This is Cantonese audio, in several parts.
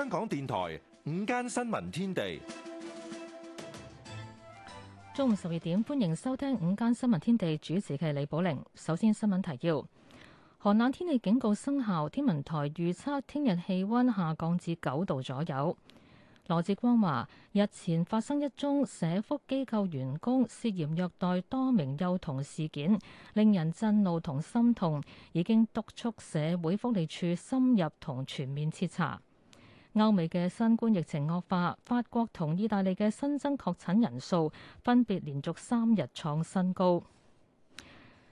香港電台午間新聞天地，中午十二點，歡迎收聽午間新聞天地，主持嘅李寶玲。首先，新聞提要：寒冷天氣警告生效，天文台預測聽日氣溫下降至九度左右。羅志光話：日前發生一宗社福機構員工涉嫌虐待多名幼童事件，令人震怒同心痛，已經督促社會福利處深入同全面徹查。歐美嘅新冠疫情惡化，法國同意大利嘅新增確診人數分別連續三日創新高。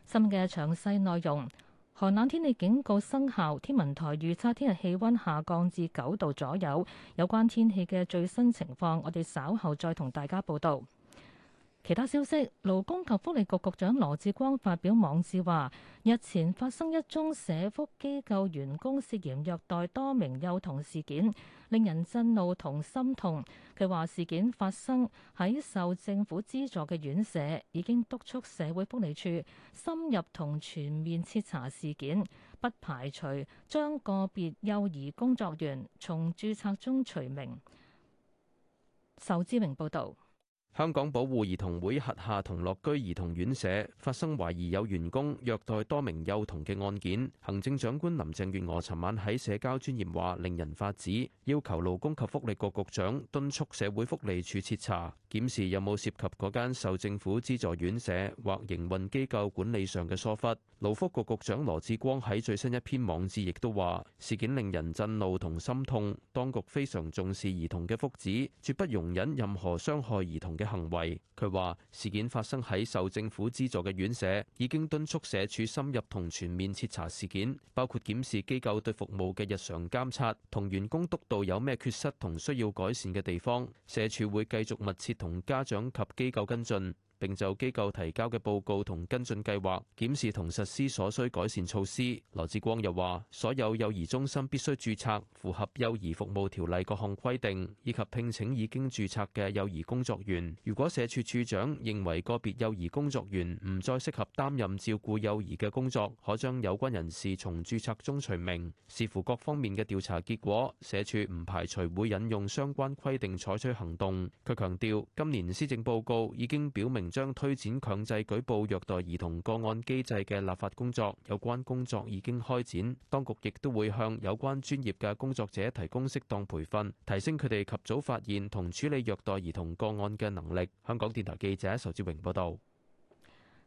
新嘅詳細內容，寒冷天氣警告生效，天文台預測聽日氣温下降至九度左右。有關天氣嘅最新情況，我哋稍後再同大家報道。其他消息，勞工及福利局局長羅致光發表網誌話：日前發生一宗社福機構員工涉嫌虐待多名幼童事件，令人震怒同心痛。佢話事件發生喺受政府資助嘅院舍，已經督促社會福利署深入同全面徹查事件，不排除將個別幼兒工作員從註冊中除名。仇志明報道。香港保護兒童會轄下同樂居兒童院舍發生懷疑有員工虐待多名幼童嘅案件，行政長官林鄭月娥尋晚喺社交專頁話：令人髮指，要求勞工及福利局局長敦促社會福利處徹查，檢視有冇涉及嗰間受政府資助院舍或營運機構管理上嘅疏忽。勞福局局長羅致光喺最新一篇網誌亦都話：事件令人震怒同心痛，當局非常重視兒童嘅福祉，絕不容忍任何傷害兒童嘅行為，佢話事件發生喺受政府資助嘅院舍，已經敦促社署深入同全面徹查事件，包括檢視機構對服務嘅日常監察同員工督導有咩缺失同需要改善嘅地方，社署會繼續密切同家長及機構跟進。並就機構提交嘅報告同跟進計劃，檢視同實施所需改善措施。羅志光又話：所有幼兒中心必須註冊，符合《幼兒服務條例》各項規定，以及聘請已經註冊嘅幼兒工作員。如果社署署長認為個別幼兒工作員唔再適合擔任照顧幼兒嘅工作，可將有關人士從註冊中除名。視乎各方面嘅調查結果，社署唔排除會引用相關規定採取行動。佢強調，今年施政報告已經表明，將推展強制舉報虐待兒童個案機制嘅立法工作，有關工作已經開展，當局亦都會向有關專業嘅工作者提供適當培訓，提升佢哋及早發現同處理虐待兒童個案嘅能力。香港電台記者仇志榮報道。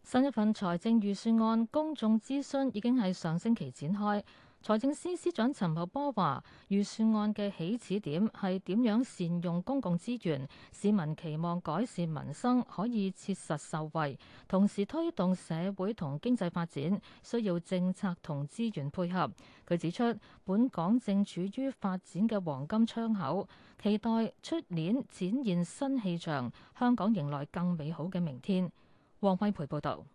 新一份財政預算案公眾諮詢已經喺上星期展開。財政司司長陳茂波話：預算案嘅起始點係點樣善用公共資源，市民期望改善民生可以切實受惠，同時推動社會同經濟發展需要政策同資源配合。佢指出，本港正處於發展嘅黃金窗口，期待出年展現新氣象，香港迎來更美好嘅明天。王惠培報道。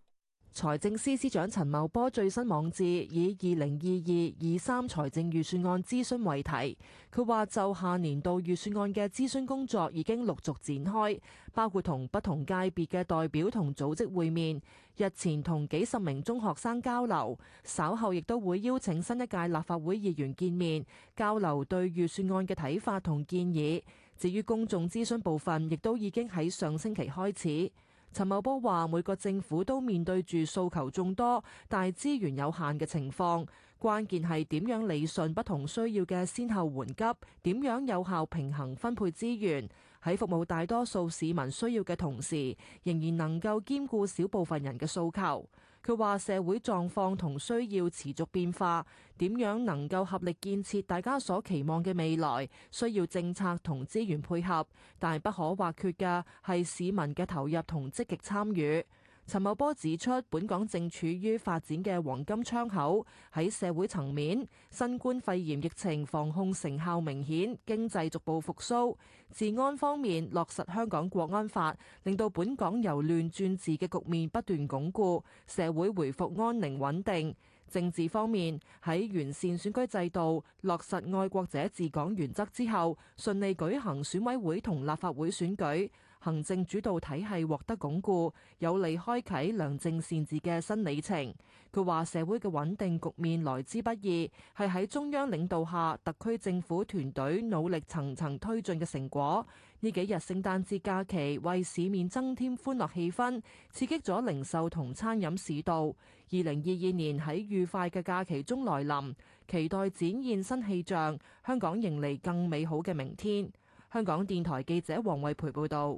財政司司長陳茂波最新網誌以《二零二二二三財政預算案諮詢》為題，佢話就下年度預算案嘅諮詢工作已經陸續展開，包括同不同界別嘅代表同組織會面，日前同幾十名中學生交流，稍後亦都會邀請新一屆立法會議員見面，交流對預算案嘅睇法同建議。至於公眾諮詢部分，亦都已經喺上星期開始。陳茂波話：每個政府都面對住訴求眾多，但係資源有限嘅情況，關鍵係點樣理順不同需要嘅先後緩急，點樣有效平衡分配資源，喺服務大多數市民需要嘅同時，仍然能夠兼顧少部分人嘅訴求。佢話：社會狀況同需要持續變化，點樣能夠合力建設大家所期望嘅未來，需要政策同資源配合，但係不可或缺嘅係市民嘅投入同積極參與。陳茂波指出，本港正處於發展嘅黃金窗口。喺社會層面，新冠肺炎疫情防控成效明顯，經濟逐步復甦；治安方面，落實香港國安法，令到本港由亂轉治嘅局面不斷鞏固，社會回復安寧穩定。政治方面，喺完善選舉制度、落實愛國者治港原則之後，順利舉行選委會同立法會選舉。行政主導體系獲得鞏固，有利開啟良政善治嘅新里程。佢話：社會嘅穩定局面來之不易，係喺中央領導下，特區政府團隊努力層層推進嘅成果。呢幾日聖誕節假期為市面增添歡樂氣氛，刺激咗零售同餐飲市道。二零二二年喺愉快嘅假期中來臨，期待展現新氣象，香港迎嚟更美好嘅明天。香港電台記者黃惠培報道。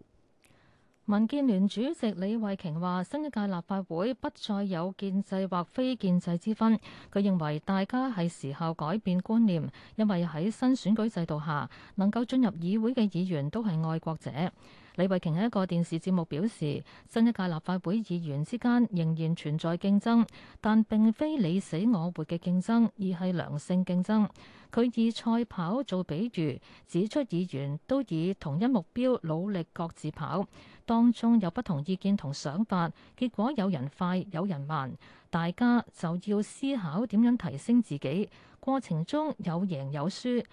民建聯主席李慧瓊話：新一屆立法會不再有建制或非建制之分。佢認為大家係時候改變觀念，因為喺新選舉制度下，能夠進入議會嘅議員都係愛國者。李慧瓊喺一個電視節目表示，新一屆立法會議員之間仍然存在競爭，但並非你死我活嘅競爭，而係良性競爭。佢以賽跑做比喻，指出議員都以同一目標努力各自跑，當中有不同意見同想法，結果有人快，有人慢，大家就要思考點樣提升自己，過程中有贏有輸。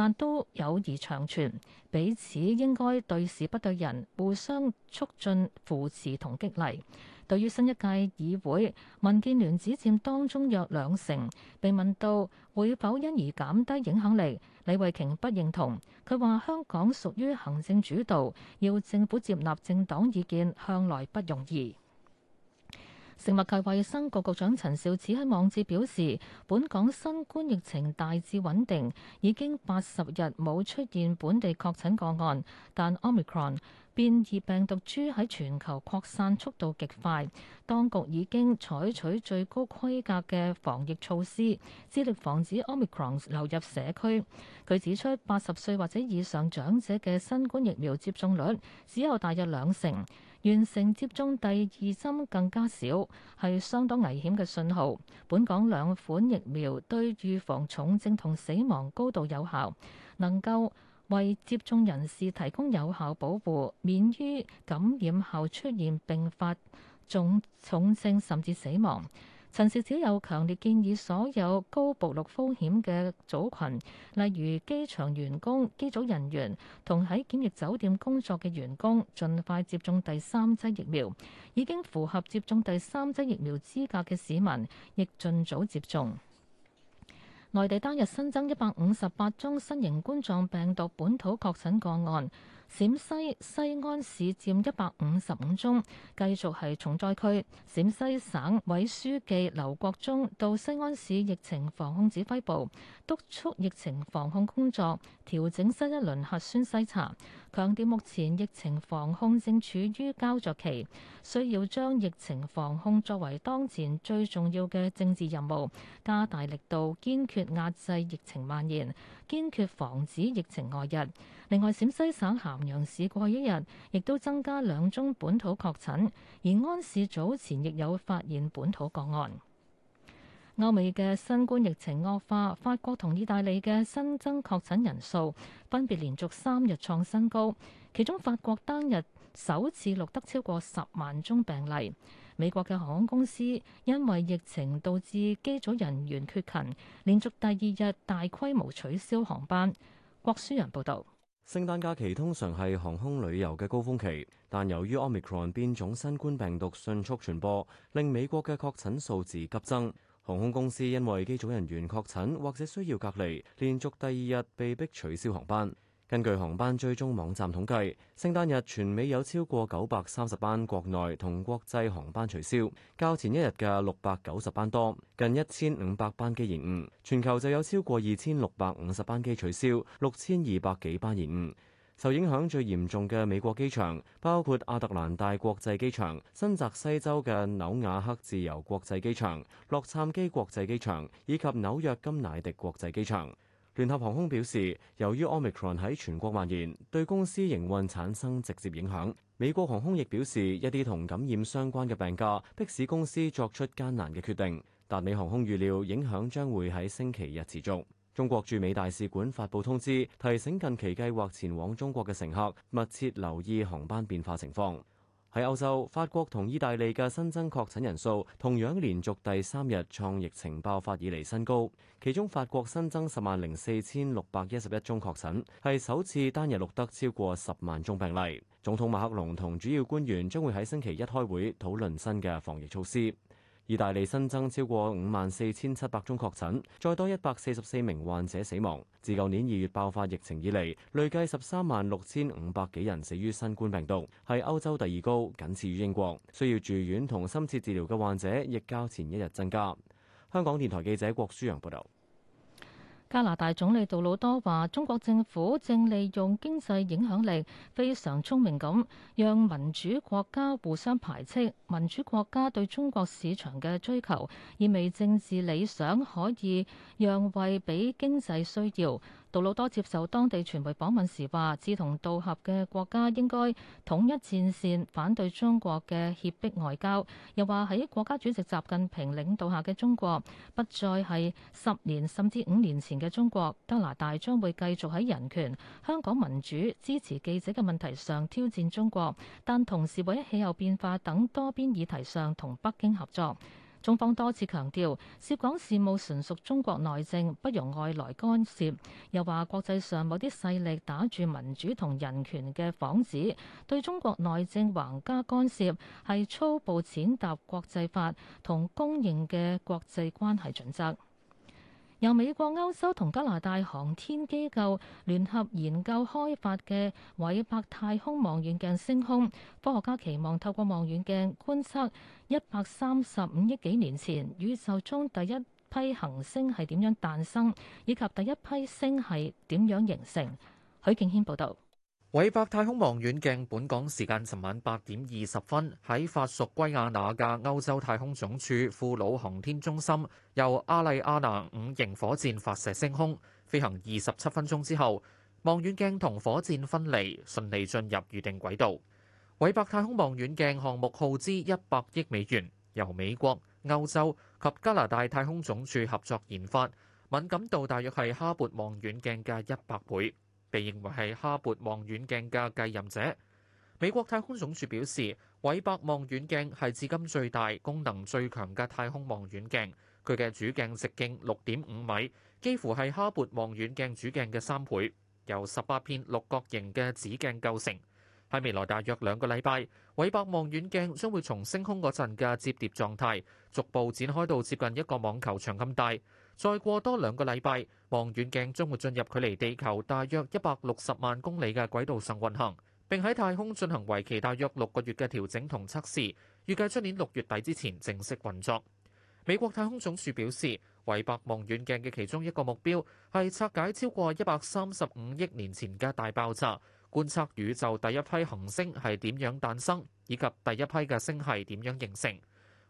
但都友誼長存，彼此應該對事不對人，互相促進扶持同激勵。對於新一屆議會，民建聯只佔當中約兩成。被問到會否因而減低影響力，李慧瓊不認同。佢話：香港屬於行政主導，要政府接納政黨意見，向來不容易。食物及衛生局局長陳肇始喺網誌表示，本港新冠疫情大致穩定，已經八十日冇出現本地確診個案，但 Omicron 變異病毒株喺全球擴散速度極快，當局已經採取最高規格嘅防疫措施，致力防止 Omicron 流入社區。佢指出，八十歲或者以上長者嘅新冠疫苗接種率只有大約兩成。完成接種第二針更加少，係相當危險嘅信號。本港兩款疫苗對預防重症同死亡高度有效，能夠為接種人士提供有效保護，免於感染後出現併發重重症甚至死亡。陳肇始指有強烈建議所有高暴露風險嘅組群，例如機場員工、機組人員同喺檢疫酒店工作嘅員工，盡快接種第三劑疫苗。已經符合接種第三劑疫苗資格嘅市民，亦盡早接種。內地單日新增一百五十八宗新型冠狀病毒本土確診個案。陝西西安市佔一百五十五宗，繼續係重災區。陝西省委書記劉國中到西安市疫情防控指揮部督促疫情防控工作，調整新一輪核酸篩查，強調目前疫情防控正處於膠著期，需要將疫情防控作為當前最重要嘅政治任務，加大力度，堅決壓制疫情蔓延，堅決防止疫情外溢。另外，陝西省咸陽市過去一日亦都增加兩宗本土確診，延安市早前亦有發現本土個案。歐美嘅新冠疫情惡化，法國同意大利嘅新增確診人數分別連續三日創新高，其中法國單日首次錄得超過十萬宗病例。美國嘅航空公司因為疫情導致機組人員缺勤，連續第二日大規模取消航班。郭書人報導。聖誕假期通常係航空旅遊嘅高峰期，但由於 Omicron 變種新冠病毒迅速傳播，令美國嘅確診數字急增。航空公司因為機組人員確診或者需要隔離，連續第二日被迫取消航班。根據航班追蹤網站統計，聖誕日全美有超過九百三十班國內同國際航班取消，較前一日嘅六百九十班多，近一千五百班機延誤。全球就有超過二千六百五十班機取消，六千二百幾班延誤。受影響最嚴重嘅美國機場包括亞特蘭大國際機場、新澤西州嘅紐瓦克自由國際機場、洛杉磯國際機場以及紐約金乃迪國際機場。聯合航空表示，由於 Omicron 喺全國蔓延，對公司營運產生直接影響。美國航空亦表示，一啲同感染相關嘅病假，迫使公司作出艱難嘅決定。達美航空預料影響將會喺星期日持續。中國駐美大使館發布通知，提醒近期計劃前往中國嘅乘客，密切留意航班變化情況。喺歐洲，法國同意大利嘅新增確診人數同樣連續第三日創疫情爆發以嚟新高，其中法國新增十萬零四千六百一十一宗確診，係首次單日錄得超過十萬宗病例。總統馬克龍同主要官員將會喺星期一開會討論新嘅防疫措施。意大利新增超過五萬四千七百宗確診，再多一百四十四名患者死亡。自舊年二月爆發疫情以嚟，累計十三萬六千五百幾人死於新冠病毒，係歐洲第二高，僅次於英國。需要住院同深切治療嘅患者亦較前一日增加。香港電台記者郭舒揚報道。加拿大總理杜魯多話：中國政府正利用經濟影響力，非常聰明咁，讓民主國家互相排斥。民主國家對中國市場嘅追求，意味政治理想可以讓位俾經濟需要。杜魯多接受當地傳媒訪問時話，志同道合嘅國家應該統一戰線，反對中國嘅脅迫外交。又話喺國家主席習近平領導下嘅中國，不再係十年甚至五年前嘅中國。加拿大將會繼續喺人權、香港民主、支持記者嘅問題上挑戰中國，但同時會喺氣候變化等多邊議題上同北京合作。中方多次強調，涉港事務純屬中國內政，不容外來干涉。又話國際上某啲勢力打住民主同人權嘅幌子，對中國內政橫加干涉，係粗暴踐踏國際法同公認嘅國際關係準則。由美國、歐洲同加拿大航天機構聯合研究開發嘅韋伯太空望遠鏡升空，科學家期望透過望遠鏡觀測一百三十五億幾年前宇宙中第一批行星係點樣誕生，以及第一批星係點樣形成。許敬軒報導。韋伯太空望遠鏡本港時間尋晚八點二十分喺法屬圭亞那嘅歐洲太空總署庫魯航天中心，由阿麗亞娜五型火箭發射升空。飛行二十七分鐘之後，望遠鏡同火箭分離，順利進入預定軌道。韋伯太空望遠鏡項目耗資一百億美元，由美國、歐洲及加拿大太空總署合作研發，敏感度大約係哈勃望遠鏡嘅一百倍。被認為係哈勃望遠鏡嘅繼任者。美國太空總署表示，韋伯望遠鏡係至今最大、功能最強嘅太空望遠鏡。佢嘅主鏡直徑六點五米，幾乎係哈勃望遠鏡主鏡嘅三倍，由十八片六角形嘅子鏡構成。喺未來大約兩個禮拜，韋伯望遠鏡將會從升空嗰陣嘅摺疊狀態，逐步展開到接近一個網球場咁大。再過多兩個禮拜，望遠鏡將會進入距離地球大約一百六十萬公里嘅軌道上運行，並喺太空進行為期大約六個月嘅調整同測試，預計出年六月底之前正式運作。美國太空總署表示，韋伯望遠鏡嘅其中一個目標係拆解超過一百三十五億年前嘅大爆炸，觀察宇宙第一批恆星係點樣誕生，以及第一批嘅星系點樣形成。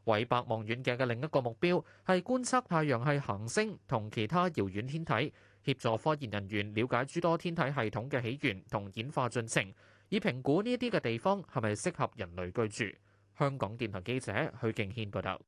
韋伯望遠鏡嘅另一個目標係觀測太陽系行星同其他遙遠天體，協助科研人員了解諸多天體系統嘅起源同演化進程，以評估呢啲嘅地方係咪適合人類居住。香港電台記者許敬軒報道。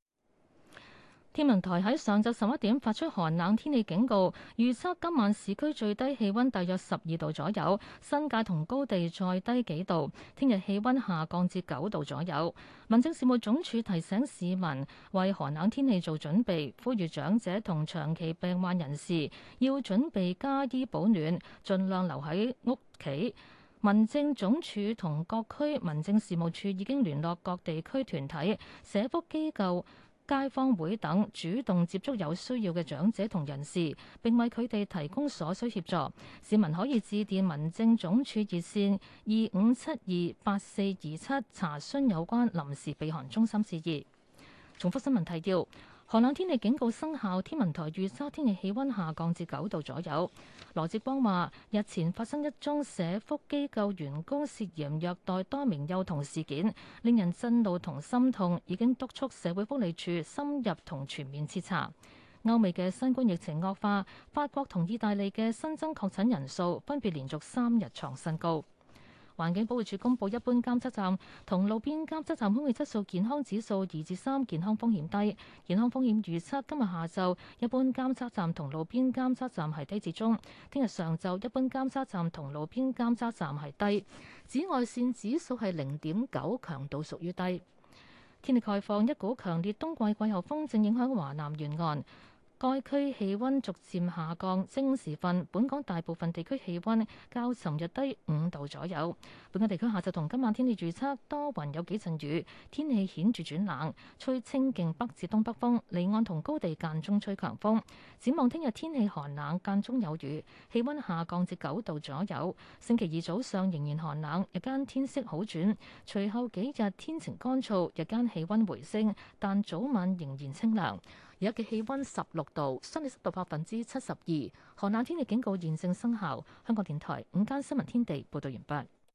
天文台喺上晝十一點發出寒冷天氣警告，預測今晚市區最低氣温大約十二度左右，新界同高地再低幾度。聽日氣温下降至九度左右。民政事務總署提醒市民為寒冷天氣做準備，呼籲長者同長期病患人士要準備加衣保暖，儘量留喺屋企。民政總署同各區民政事務處已經聯絡各地區團體、社福機構。街坊會等主動接觸有需要嘅長者同人士，並為佢哋提供所需協助。市民可以致電民政總署熱綫二五七二八四二七查詢有關臨時避寒中心事宜。重複新聞提要。寒冷天氣警告生效，天文台預測天氣氣温下降至九度左右。羅致光話：日前發生一宗社福機構員工涉嫌虐待多名幼童事件，令人震怒同心痛，已經督促社會福利署深入同全面徹查。歐美嘅新冠疫情惡化，法國同意大利嘅新增確診人數分別連續三日創新高。環境保護署公布一般監測站同路邊監測站空氣質素健康指數二至三，健康風險低。健康風險預測今日下晝一般監測站同路邊監測站係低至中，聽日上晝一般監測站同路邊監測站係低。紫外線指數係零點九，強度屬於低。天氣概況：一股強烈冬季季候風正影響華南沿岸。各區氣温逐漸下降，清晨時分，本港大部分地區氣温較尋日低五度左右。本港地區下晝同今晚天氣預測，多雲有幾陣雨，天氣顯著轉冷，吹清勁北至東北風，離岸同高地間中吹強風。展望聽日天，天氣寒冷，間中有雨，氣温下降至九度左右。星期二早上仍然寒冷，日間天色好轉，隨後幾日天晴乾燥，日間氣温回升，但早晚仍然清涼。而家嘅氣溫十六度，相對濕度百分之七十二，寒冷天氣警告現正生效。香港電台午間新聞天地報道完畢。